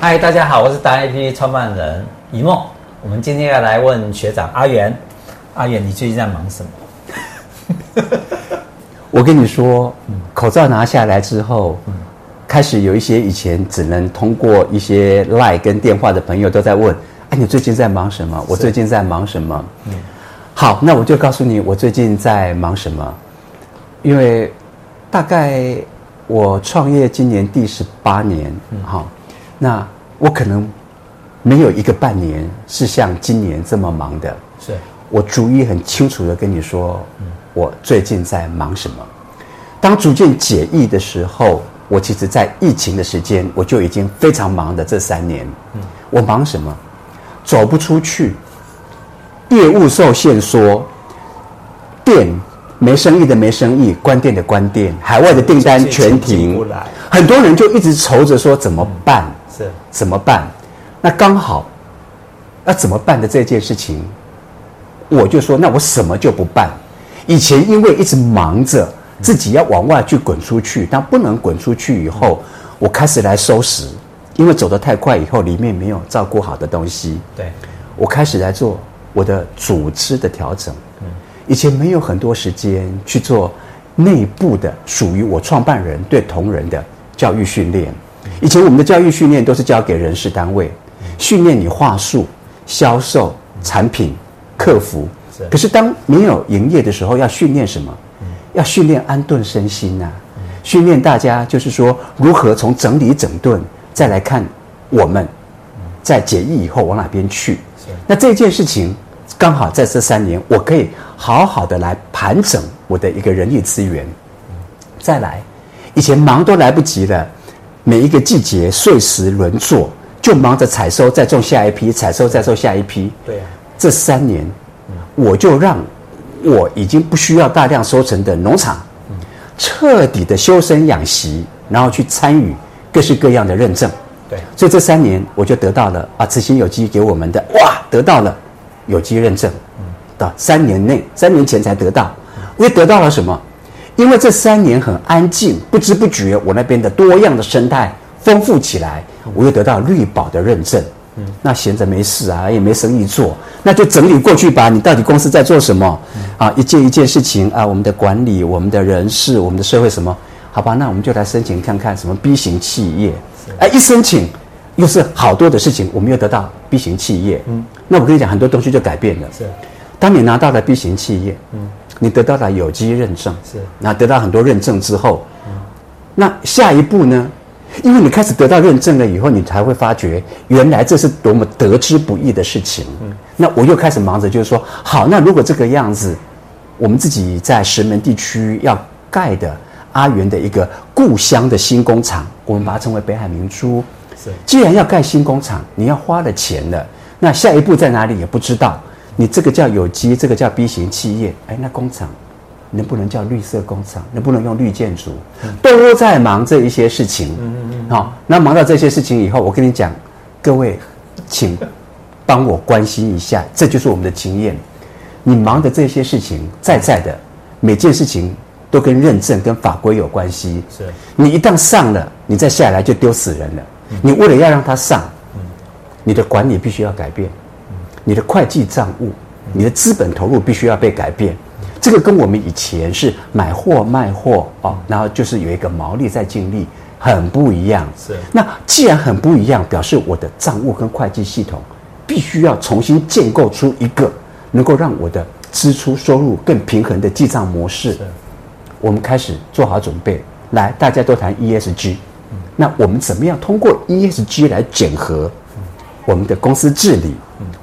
嗨，大家好，我是大 A P P 創辦人一夢。我們今天要來問學長阿原。阿原，你最近在忙什麼？ 我跟你說、嗯，口罩拿下來之後、嗯，開始有一些以前只能通過一些 LINE 跟電話的朋友都在問：“哎、嗯啊，你最近在忙什麼？我最近在忙什麼？”嗯，好，那我就告訴你，我最近在忙什麼，因為大概我創業今年第十八年，嗯，好那我可能沒有一個半年是像今年這麼忙的。是。我逐一很清楚的跟你說，我最近在忙什麼。當逐漸解疫的時候，我其實，在疫情的時間，我就已經非常忙的這三年。嗯。我忙什麼？走不出去，業務受限，說店沒生意的沒生意，關店的關店，海外的訂單全停。很多人就一直愁着說怎麼辦？怎麼辦？那剛好，那怎麼辦的這件事情，我就說，那我什麼就不辦。以前因為一直忙着，自己要往外去滾出去，但不能滾出去以後，我開始來收拾。因為走得太快以後，裡面沒有照顧好的東西。對，我開始來做我的組織的調整。嗯，以前沒有很多時間去做內部的屬於我創辦人對同仁的教育訓練。以前我們的教育訓練都是交給人事單位、嗯、訓練你話術、銷售、嗯、產品、客服。可是當沒有營業的時候，要訓練什麼、嗯？要訓練安頓身心吶、啊嗯，訓練大家就是說如何從整理整頓再來看我們，嗯、在解疫以後往哪邊去？那這件事情剛好在這三年，我可以好好的來盤整我的一個人力資源，嗯、再來以前忙都來不及了。每一個季節，歲時輪作，就忙着採收，再種下一批，採收再種收下一批。對啊，這三年、嗯，我就讓我已經不需要大量收成的農場，嗯、徹底的修身養息，然後去參與各式各樣的認證。對、啊，所以這三年我就得到了啊，慈心有機給我們的哇，得到了有機認證。嗯，到三年內，三年前才得到，嗯、因為得到了什麼？因為這三年很安靜，不知不覺，我那邊的多樣的生態豐富起來，我又得到綠保的認證、嗯。那閒着沒事啊，也沒生意做，那就整理過去吧。你到底公司在做什麼？嗯、啊，一件一件事情啊，我們的管理、我們的人事、我們的社會什麼？好吧，那我們就來申請看看什麼 B 型企業。哎、啊，一申請又是好多的事情，我們又得到 B 型企業。嗯，那我跟你講，很多東西就改變了。是，當你拿到了 B 型企業，嗯。你得到了有機認證，是，那得到很多認證之後、嗯，那下一步呢？因為你開始得到認證了以後，你才會發覺原來這是多麼得之不易的事情、嗯。那我又開始忙着，就是說，好，那如果這個樣子，我們自己在石門地區要蓋的阿原的一個故鄉的新工廠，我們把它稱為北海明珠。是，既然要蓋新工廠，你要花了錢的，那下一步在哪裡也不知道。你這個叫有機，這個叫 B 型企業，哎，那工廠能不能叫綠色工廠？能不能用綠建築？都在忙這一些事情。好、嗯嗯嗯哦，那忙到這些事情以後，我跟你講，各位，請幫我關心一下，這就是我們的經驗。你忙的這些事情，在在的每件事情都跟認證、跟法規有關係。是你一旦上了，你再下來就丟死人了。你為了要讓它上，你的管理必須要改變。你的會計賬務，你的資本投入必須要被改變，嗯、這個跟我們以前是買貨賣貨啊、哦嗯，然後就是有一個毛利在經歷，很不一樣。是那既然很不一樣，表示我的賬務跟會計系統必須要重新建構出一個能夠讓我的支出收入更平衡的記賬模式。我們開始做好準備，來，大家都談 ESG，嗯。那我們怎麼樣通過 ESG 來整合我們的公司治理？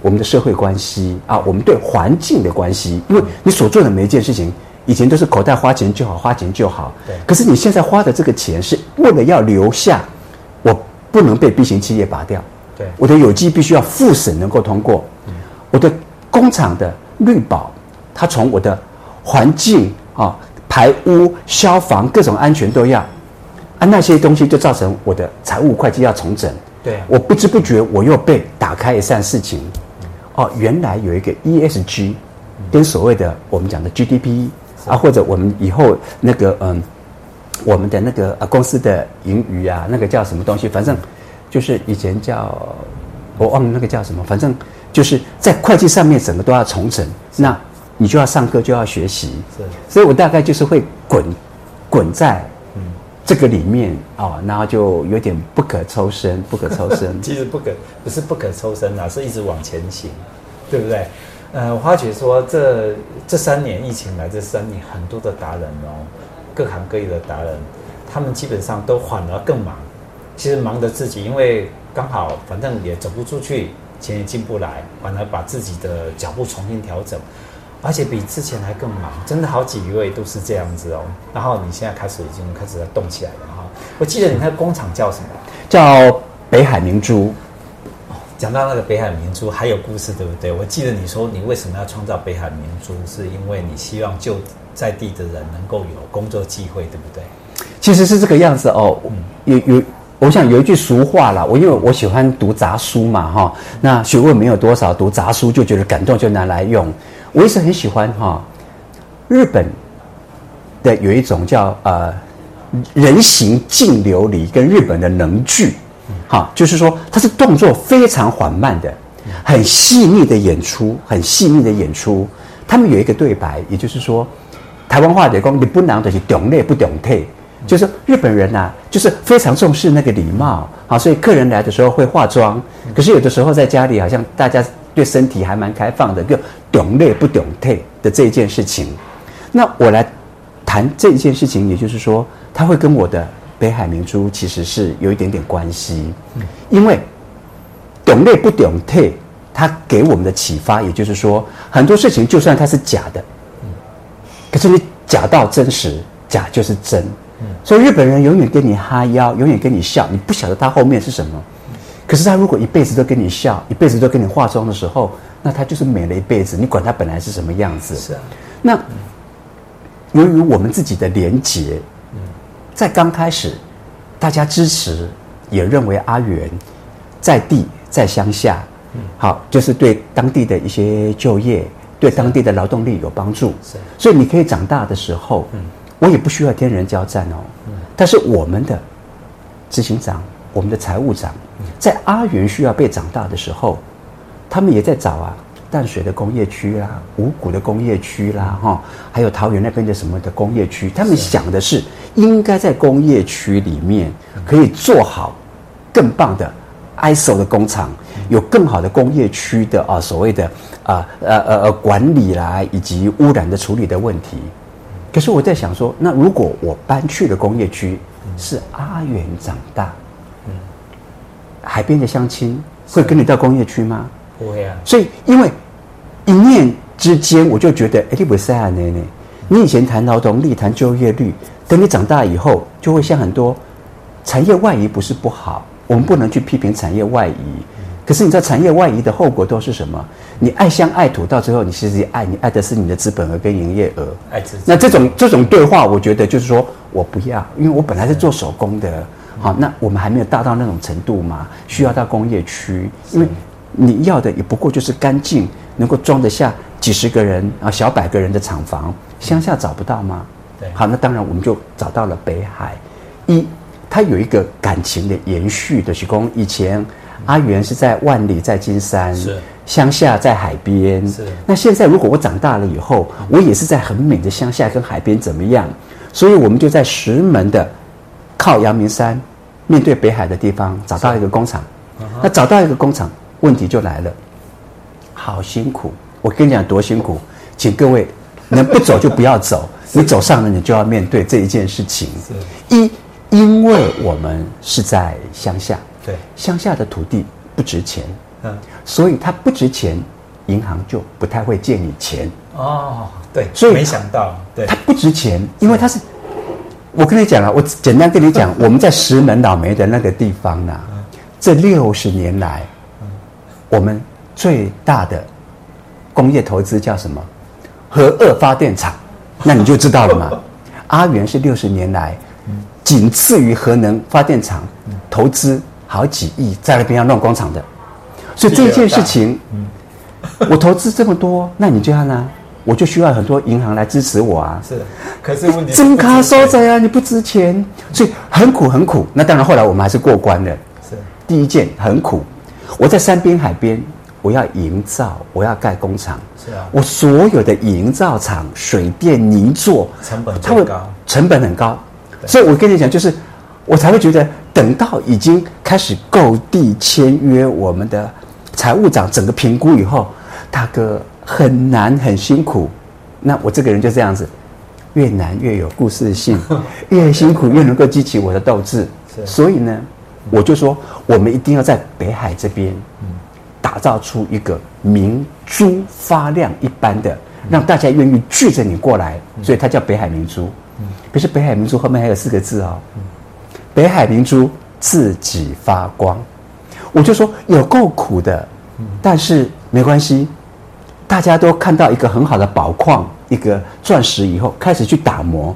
我們的社會關係啊，我們對環境的關係，因為你所做的每一件事情，以前都是口袋花錢就好，花錢就好。對。可是你現在花的這個錢是為了要留下，我不能被 B 型企業拔掉。對。我的有機必須要複審能夠通過。嗯。我的工廠的綠保，它從我的環境啊、排污、消防各種安全都要，啊，那些東西就造成我的財務會計要重整。對、啊，我不知不覺我又被打開一扇事情，哦，原來有一個 ESG，跟所謂的我們講的 GDP 啊，或者我們以後那個嗯，我們的那個呃、啊、公司的盈餘啊，那個叫什麼東西？反正就是以前叫我忘了那個叫什麼，反正就是在會計上面整個都要重整，那你就要上課，就要學習，是，所以我大概就是會滾，滾在。這個裡面啊，然後，就有點不可抽身，不可抽身。呵呵，其實不可不是不可抽身啊，是一直往前行，對不對？呃，花姐說，這這三年疫情來這三年，很多的達人哦，各行各業的達人，他們基本上都反而更忙，其實忙得自己，因為剛好反正也走不出去，錢也進不來，反而把自己的腳步重新調整。而且比之前還更忙，真的好幾位都是這樣子哦。然後你現在開始已經開始在動起來了哈。我記得你那個工廠叫什麼？嗯，叫北海明珠。哦，講到那個北海明珠，還有故事對不對？我記得你說你為什麼要創造北海明珠，是因為你希望就在地的人能夠有工作機會，對不對？其實是這個樣子哦。嗯，有有，我想有一句俗話啦，我因為我喜歡讀雜書嘛哈，哦，那學問沒有多少，讀雜書就覺得感動，就拿來用。我一直很喜歡哈、哦，日本的有一種叫呃人形淨琉璃，跟日本的能劇，哈、哦，就是說它是動作非常緩慢的，很細膩的演出，很細膩的演出。他們有一個對白，也就是說，台灣話的講，你不能的你懂內不懂退，就是日本人啊，就是非常重視那個禮貌，好、哦，所以客人來的時候會化妝，可是有的時候在家裡好像大家對身體還蠻開放的，懂累不懂退的這一件事情，那我來談這一件事情，也就是說，它會跟我的《北海明珠》其實是有一點點關係，因為懂累不懂退，它給我們的啟發，也就是說，很多事情就算它是假的，可是你假到真實，假就是真，所以日本人永遠跟你哈腰，永遠跟你笑，你不曉得他後面是什麼，可是他如果一輩子都跟你笑，一輩子都跟你化妝的時候。那他就是美了一輩子，你管他本來是什麼樣子？是啊。那由於我們自己的連結、嗯，在剛開始，大家支持也認為阿原在地在鄉下、嗯，好，就是對當地的一些就業，啊、對當地的勞動力有幫助。是、啊。所以你可以長大的時候，嗯，我也不需要天人交戰哦。他、嗯、但是我們的執行長，我們的財務長、嗯，在阿原需要被長大的時候。他們也在找啊，淡水的工業區啦、啊，五股的工業區啦，哈，還有桃園那邊的什麼的工業區。他們想的是應該在工業區裡面可以做好更棒的 ISO 的工廠，有更好的工業區的啊，所謂的啊呃呃、啊啊啊啊、管理啦、啊，以及污染的處理的問題。可是我在想說，那如果我搬去了工業區，是阿原長大，海邊的鄉親會跟你到工業區嗎？ 所以，因為一念之間，我就覺得哎，欸、你不啊，你以前談勞動力談就業率，等你長大以後，就會像很多產業外移，不是不好，我們不能去批評產業外移。可是你知道，產業外移的後果都是什麼？你愛鄉愛土，到最後，你其實愛你愛的是你的資本額跟營業額。愛額那這種這種對話，我覺得就是說我不要，因為我本來是做手工的。好，那我們還沒有大到那種程度嘛？需要到工業區，因為。你要的也不過就是乾淨，能夠裝得下幾十個人啊，小百個人的廠房，鄉下找不到嗎？對，好，那當然我們就找到了北海。一，它有一個感情的延續的時空。以前阿原是在萬里，在金山，是鄉下在海邊，是。那現在如果我長大了以後，我也是在很美的鄉下跟海邊怎麼樣？所以我們就在石門的靠陽明山、面對北海的地方找到一個工廠。那找到一個工廠。問題就來了，好辛苦！我跟你講多辛苦，請各位能不走就不要走。 你走上了，你就要面對這一件事情。一，因為我們是在鄉下，對，鄉下的土地不值錢，嗯，所以它不值錢，銀行就不太會借你錢。哦，對，所以沒想到，對，它不值錢，因為它是……我跟你講了、啊，我簡單跟你講， 我們在石門老梅的那個地方呢、啊嗯，這六十年來。我們最大的工業投資叫什麼？核二發電廠，那你就知道了嘛。 阿原是六十年來僅次於核能發電廠、嗯、投資好幾億在那邊要弄工廠的，所以這件事情，嗯、 我投資這麼多，那你這樣呢？我就需要很多銀行來支持我啊。是，可是問題增卡收窄啊，你不值錢，所以很苦很苦。那當然，後來我們還是過關了。是，第一件很苦。我在山邊海邊，我要營造，我要蓋工廠。是啊，我所有的營造廠、水電、泥作成本，很高，成本很高。所以，我跟你講，就是我才會覺得，等到已經開始購地、簽約，我們的財務長整個評估以後，大哥很難，很辛苦。那我這個人就這樣子，越難越有故事性，呵呵越辛苦越能夠激起我的鬥志。是啊，所以呢。我就說，我們一定要在北海這邊，打造出一個明珠發亮一般的，讓大家願意聚着你過來，所以它叫北海明珠。可是北海明珠後面還有四個字哦，北海明珠自己發光。我就說有夠苦的，但是沒關係，大家都看到一個很好的寶礦，一個鑽石以後，開始去打磨。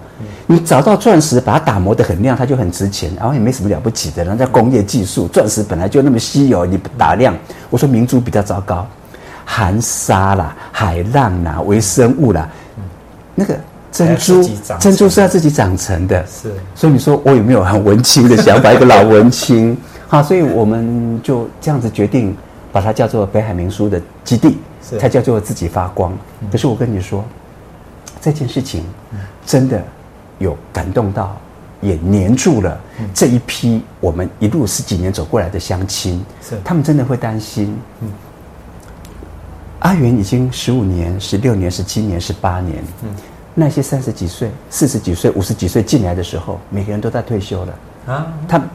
你找到鑽石，把它打磨得很亮，它就很值錢，然後、哦、也沒什麼了不起的。然後在工業技術，鑽石本來就那麼稀有，你不打亮、嗯，我說明珠比較糟糕，含沙啦、海浪啦、微生物啦，嗯、那個珍珠珍珠，是要自己長成的，是。是，所以你說我有沒有很文青的想法？一個老文青，好、 啊，所以我們就這樣子決定，把它叫做北海明珠的基地，它叫做自己發光、嗯。可是我跟你說，這件事情真的。嗯有感動到，也黏住了這一批我們一路十幾年走過來的鄉親，是他們真的會擔心。嗯，阿原已經十五年、十六年、十七年、十八年，嗯，那些三十幾歲、四十幾歲、五十幾歲進來的時候，每個人都在退休了啊，他們，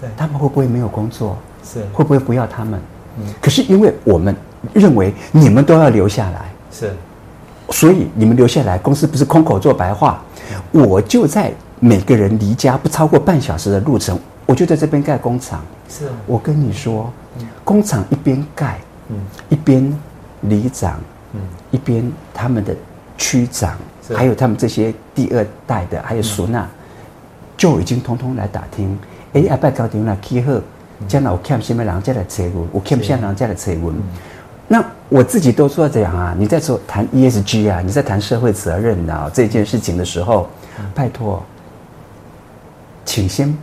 對他們會不會沒有工作？是會不會不要他們？嗯？可是因為我們認為你們都要留下來，是。是所以你們留下來，公司不是空口做白話。嗯、我就在每個人離家不超過半小時的路程，我就在這邊蓋工廠。是啊、哦，我跟你說，嗯、工廠一邊蓋，嗯，一邊里長，嗯，一邊他們的區長，還有他們這些第二代的，還有蘇娜、嗯，就已經通通來打聽。哎、嗯，阿、欸、爸搞點牛奶，以後將來我看不見咩人家的車輪，我看不見人家的車輪。那。我自己都說這樣啊！你在說談 ESG 啊，你在談社會責任的、啊、這件事情的時候，拜托，請先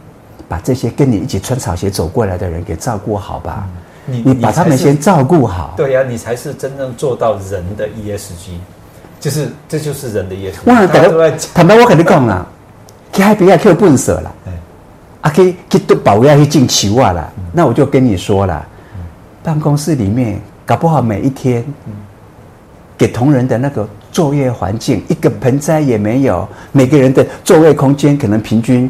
把這些跟你一起穿草鞋走過來的人給照顧好吧。嗯、你你，你把他們先照顧好，對呀、啊，你才是真正做到人的 ESG，就是這就是人的 ESG。坦白我跟你講啊，開比亞球笨死了，啊，開開都保要去進球啊了、嗯。那我就跟你說了、嗯，辦公室裡面。搞不好每一天，給同仁的那個作業環境、嗯、一個盆栽也沒有，每個人的座位空間可能平均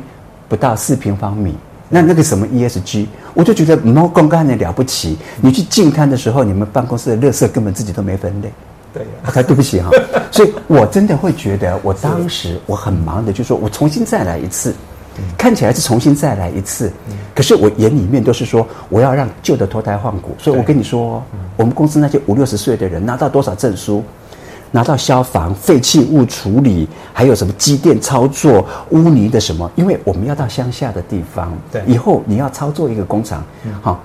不到四平方米。嗯、那那個什麼 ESG，我就覺得莫公幹的了不起。嗯、你去淨灘的時候，你們辦公室的垃圾根本自己都沒分類。對呀、啊啊。對不起哈、哦。 所以我真的會覺得，我當時我很忙的，就是說我重新再來一次。嗯、看起來是重新再來一次、嗯，可是我眼裡面都是說我要讓舊的脫胎換骨。所以我跟你說、哦嗯，我們公司那些五六十歲的人拿到多少證書，拿到消防、廢棄物處理，還有什麼機電操作、污泥的什麼？因為我們要到鄉下的地方對，以後你要操作一個工廠，哈、嗯，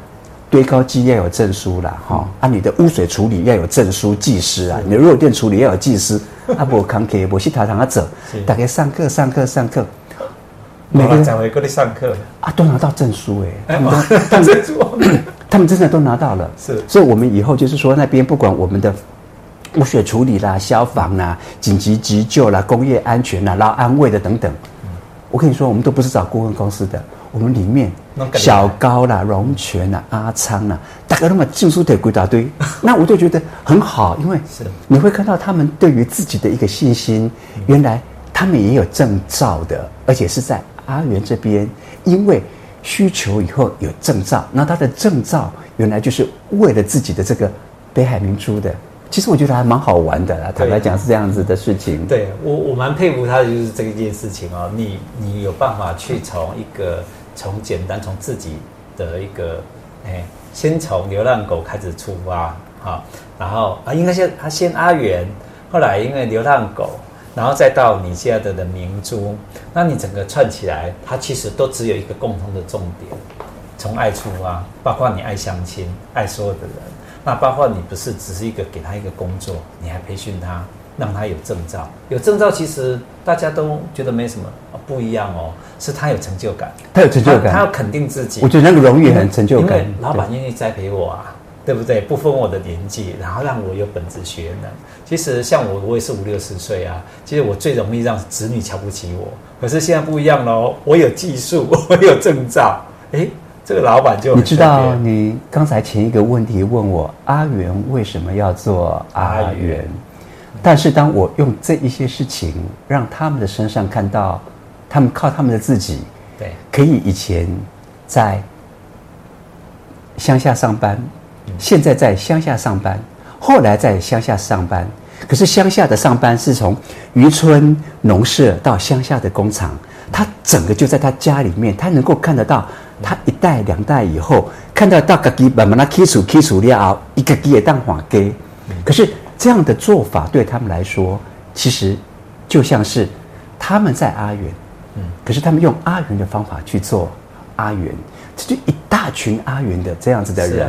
堆高機要有證書啦。哈、嗯，啊，你的污水處理要有證書，技師啊，你的弱電處理要有技師，啊，不扛客，不去他讓他走，大概上課上課上課。每個人講回過來上課，啊，都拿到證書哎、欸，欸哦、他,們 他們真的都拿到了，是，所以，我們以後就是說，那邊不管我們的污水處理啦、消防啦、緊急急救啦、工業安全啦、勞安衛的等等、嗯，我跟你說，我們都不是找顧問公司的，我們裡面小高啦、榮泉啦、阿昌啦，大家都麼證書堆一大堆， 那我就覺得很好，因為你會看到他們對於自己的一個信心，原來他們也有證照的，而且是在。阿原這邊，因為需求以後有證照，那他的證照原來就是為了自己的這個北海明珠的。其實我覺得還蠻好玩的啦，坦白講是這樣子的事情。對我我蠻佩服他的就是這一件事情哦，你你有辦法去從一個從簡單從自己的一個哎，先從流浪狗開始出發哈，然後啊應該先他、啊、先阿原，後來因為流浪狗。然後再到你家的的明珠，那你整個串起來，它其實都只有一個共同的重點，從愛出發，包括你愛相親，愛所有的人，那包括你不是只是一個給他一個工作，你還培訓他，讓他有證照，有證照其實大家都覺得沒什麼不一樣哦，是他有成就感，他有成就感，他，他要肯定自己。我覺得那個榮譽很成就感，因為，因為老闆願意栽培我啊。對不對？不分我的年紀，然後讓我有本質學能。其實像我，我也是五六十歲啊。其實我最容易讓子女瞧不起我。可是現在不一樣了，我有技術，我有證照。哎，這個老板就你知道，你剛才前一個問題問我阿元為什麼要做阿元、啊啊啊？但是當我用這一些事情讓他們的身上看到，他們靠他們的自己，對，可以以前在鄉下上班。現在在鄉下上班，後來在鄉下上班。可是鄉下的上班是從漁村、農舍到鄉下的工廠，他整個就在他家裡面，他能夠看得到他一代兩、嗯、代以後看到大哥地把慢那剔除剔除了一個地也淡化給。可是這樣的做法對他們來說，其實就像是他們在阿原，嗯、可是他們用阿原的方法去做阿原，這就是、一大群阿原的這樣子的人。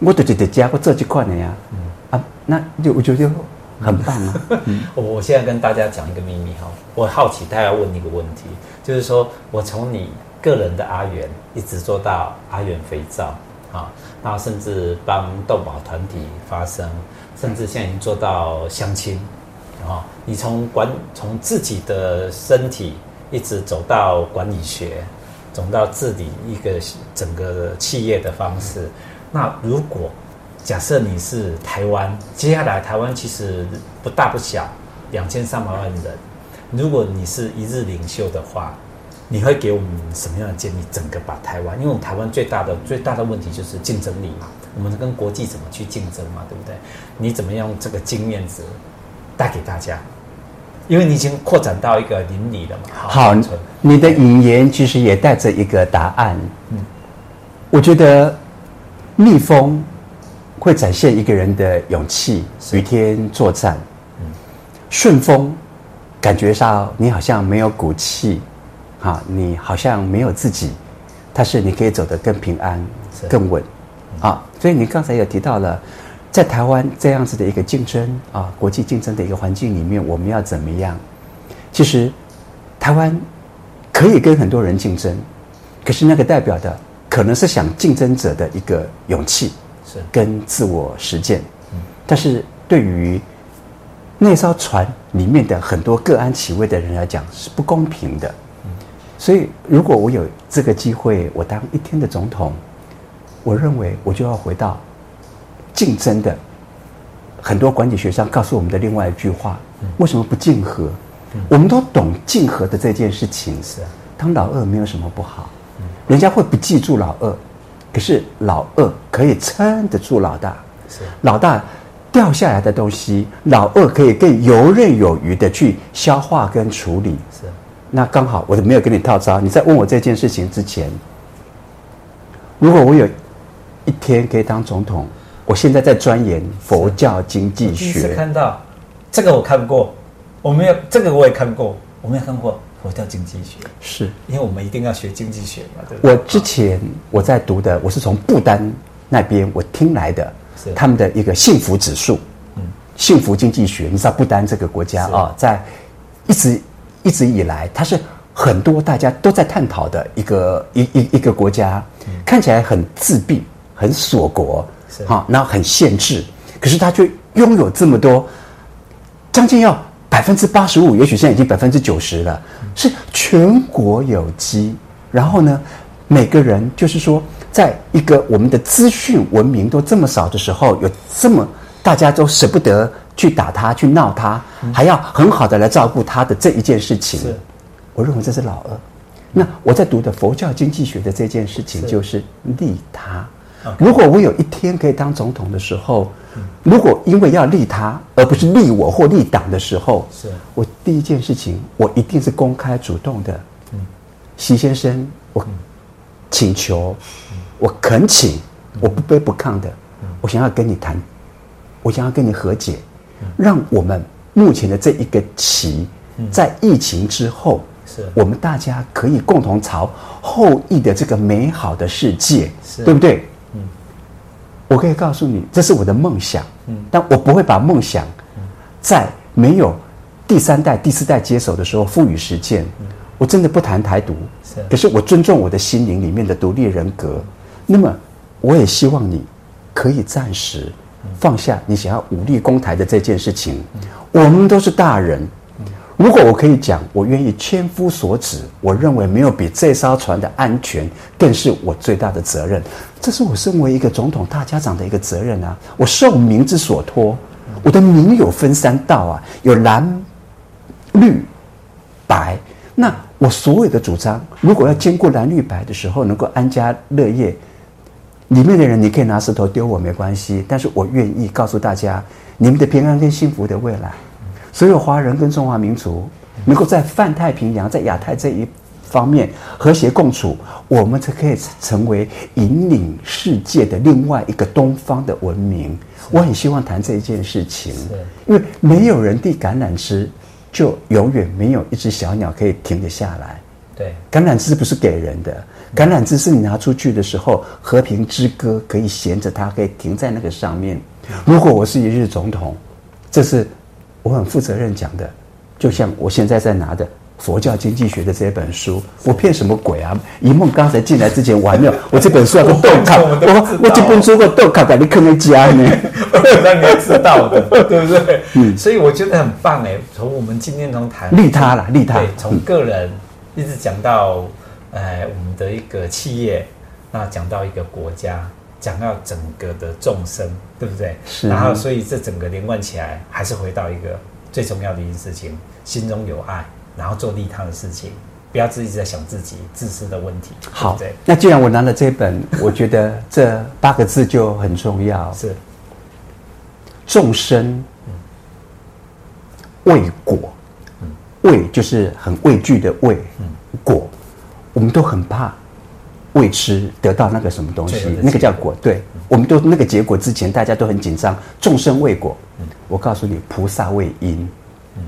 我就是在家，我做這幾乾了呀。嗯、啊，那就我覺得很棒啊。我、嗯嗯、我現在跟大家講一個秘密哈，我好奇大家問你一個問題，就是說我從你個人的阿原一直做到阿原肥皂啊，然後甚至幫豆寶團體發聲，甚至現在已經做到相親啊。你從管從自己的身體一直走到管理學，走到治理一個整個企業的方式。嗯嗯那如果假設你是台灣，接下來台灣其實不大不小，兩千三百萬人。如果你是一日領袖的話，你會給我們什麼樣的建議？整個把台灣，因為我們台灣最大的最大的問題就是競爭力嘛，我們跟國際怎麼去競爭嘛，對不對？你怎麼樣用這個經驗值帶給大家？因為你已經擴展到一個鄰里了嘛。好，好，你的引言其實也帶着一個答案。嗯，我覺得。逆風會展現一個人的勇氣，與天作戰。嗯、順風，感覺上你好像沒有骨氣，啊，你好像沒有自己。但是你可以走得更平安、更穩。啊，所以你剛才也提到了，在台灣這樣子的一個競爭啊，國際競爭的一個環境裡面，我們要怎麼樣？其實，台灣可以跟很多人競爭，可是那個代表的。可能是想競爭者的一個勇氣，是跟自我實踐。嗯，但是對於那艘船裡面的很多各安其位的人來講是不公平的。嗯，所以如果我有這個機會，我當一天的總統，我認為我就要回到競爭的。很多管理學上告訴我們的另外一句話：嗯，為什麼不競合？嗯，我們都懂競合的這件事情是、啊、當老二沒有什麼不好。人家會不記住老二，可是老二可以撐得住老大是，老大掉下來的東西，老二可以更游刃有餘地去消化跟處理。是，那剛好我就沒有跟你套招。你在問我這件事情之前，如果我有一天可以當總統，我現在在鑽研佛教經濟學。第一次看到這個，我看過，我沒有這個我也看過，我沒有看過。佛教經濟學是，因為我們一定要學經濟學嘛，對。我之前我在讀的，我是從不丹那邊我聽來的，是他們的一個幸福指數，嗯，幸福經濟學。你知道不丹這個國家啊、哦，在一直一直以來，它是很多大家都在探討的一個一一一,一個國家、嗯，看起來很自閉、很鎖國，是啊、哦，然後很限制，可是它卻擁有這麼多，將近要。百分之八十五，也許現在已經百分之九十了、嗯，是全國有機。然後呢，每個人就是說，在一個我們的資訊文明都這麼少的時候，有這麼大家都捨不得去打他、去鬧他、嗯，還要很好的來照顧他的這一件事情，我認為這是老二。嗯、那我在讀的佛教經濟學的這件事情，就是利他。Okay. 如果我有一天可以當總統的時候，嗯、如果因為要利他而不是利我或利黨的時候，是，我第一件事情，我一定是公開主動的。嗯，習先生，我請求，嗯、我懇請，我不卑不亢的、嗯，我想要跟你談，我想要跟你和解，嗯、讓我們目前的這一個棋、嗯，在疫情之後，是我們大家可以共同朝後裔的這個美好的世界，是對不對？我可以告訴你，這是我的夢想，但我不會把夢想在沒有第三代、第四代接手的時候賦予實踐。我真的不談台獨，可是我尊重我的心靈裡面的獨立人格。那麼，我也希望你可以暫時放下你想要武力攻台的這件事情。我們都是大人。如果我可以講，我願意千夫所指。我認為沒有比這艘船的安全，更是我最大的責任。這是我身為一個總統、大家長的一個責任啊！我受民之所托，我的民有分三道啊，有藍、綠、白。那我所有的主張，如果要兼顧藍綠白的時候，能夠安家樂業，裡面的人你可以拿石頭丟我，沒關係。但是我願意告訴大家，你們的平安跟幸福的未來。所有華人跟中華民族能夠在泛太平洋、在亞太這一方面和諧共處，我們才可以成為引領世界的另外一個東方的文明。我很希望談這一件事情，因為沒有人遞橄欖枝，就永遠沒有一隻小鳥可以停得下來。對，橄欖枝不是給人的，橄欖枝是你拿出去的時候，和平之鴿可以銜着它，可以停在那個上面。如果我是一日總統，這是。我很負責任講的，就像我現在在拿的《佛教經濟學》的這本書，我騙什麼鬼啊？一夢剛才進來之前玩了，我這本書啊是豆卡， 我我、啊、我，我這本書有個豆卡的，你可能加呢，讓你們知道的，對不對？嗯，所以我覺得很棒哎，欸，從我們今天中談利他啦，利他從、嗯、個人一直講到呃我們的一個企業，那講到一個國家。講到整個的眾生，對不對？是。然後，所以這整個連貫起來，還是回到一個最重要的一件事情：心中有愛，然後做利他的事情，不要自己在想自己自私的問題。好。對對，那既然我拿了這本， 我覺得這八個字就很重要。是。眾生畏果，嗯，畏就是很畏懼的畏，嗯，果我們都很怕。未吃得到那個什麼東西，結那個叫果。對、嗯、我們都那個結果之前，大家都很緊張。眾生畏果，嗯、我告訴你，菩薩畏因。嗯、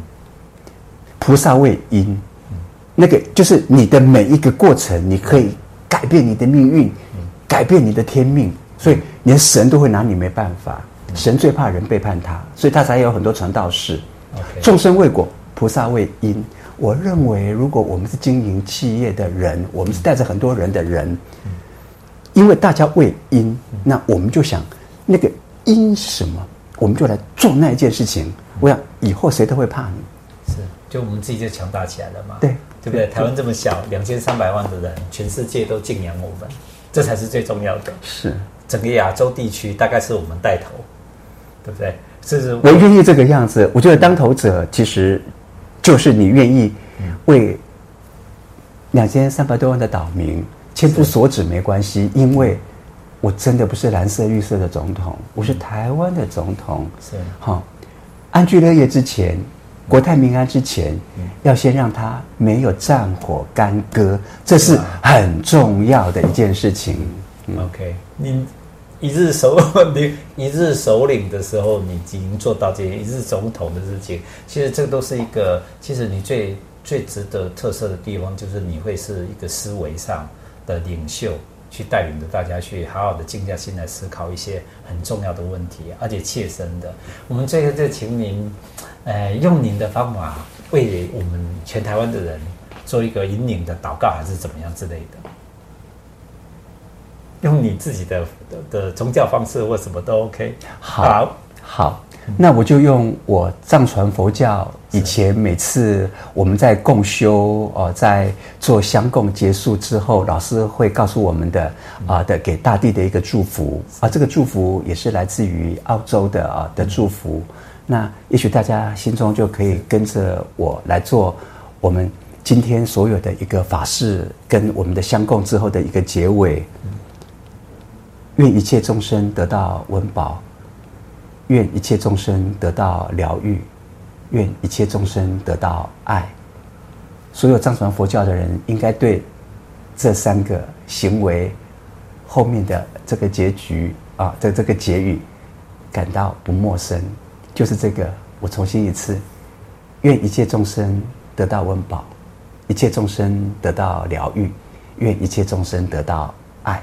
菩薩畏因、嗯，那個就是你的每一個過程，你可以改變你的命運、嗯，改變你的天命。所以連神都會拿你沒辦法。嗯、神最怕人背叛他，所以他才有很多傳道士。Okay. 眾生畏果，菩薩畏因。我認為，如果我們是經營企業的人，我們是帶着很多人的人，因為大家為因，那我們就想那個因什麼，我們就來做那一件事情。我想以後誰都會怕你，是就我們自己就強大起來了嘛？對，對不對？對。台灣這麼小，兩千三百萬的人，全世界都敬仰我們，這才是最重要的。是整個亞洲地區，大概是我們帶頭，對不對？是是我，我願意這個樣子，我覺得當頭者其實。就是你願意為兩千三百多萬的島民千夫所指沒關係，因為我真的不是藍色綠色的總統，嗯、我是台灣的總統。是、哦、安居樂業之前，國泰民安之前、嗯，要先讓他沒有戰火干戈，這是很重要的一件事情。嗯嗯、OK，您。一日首領，一日首領的時候，你已經做到這一日總統的事情，其實這都是一個。其實你最最值得特色的地方，就是你會是一個思維上的領袖，去帶領着大家去好好的靜下心來思考一些很重要的問題，而且切身的。我們最後再請您，呃，用您的方法為我們全台灣的人做一個引領的禱告，還是怎麼樣之類的。用你自己的的,的宗教方式或什麼都 OK 好。Uh, 好，好，那我就用我藏傳佛教以前每次我們在共修哦、呃，在做香供結束之後，老師會告訴我們的啊、呃、的給大地的一個祝福啊，這個祝福也是來自於澳洲的啊、呃、的祝福。嗯、那也許大家心中就可以跟着我來做我們今天所有的一個法事，跟我們的香供之後的一個結尾。嗯願一切眾生得到溫飽，願一切眾生得到療癒，願一切眾生得到愛。所有藏傳佛教的人應該對這三個行為後面的這個結局啊的這，這個結語感到不陌生。就是這個，我重新一次：願一切眾生得到溫飽，一切眾生得到療癒，願一切眾生得到愛。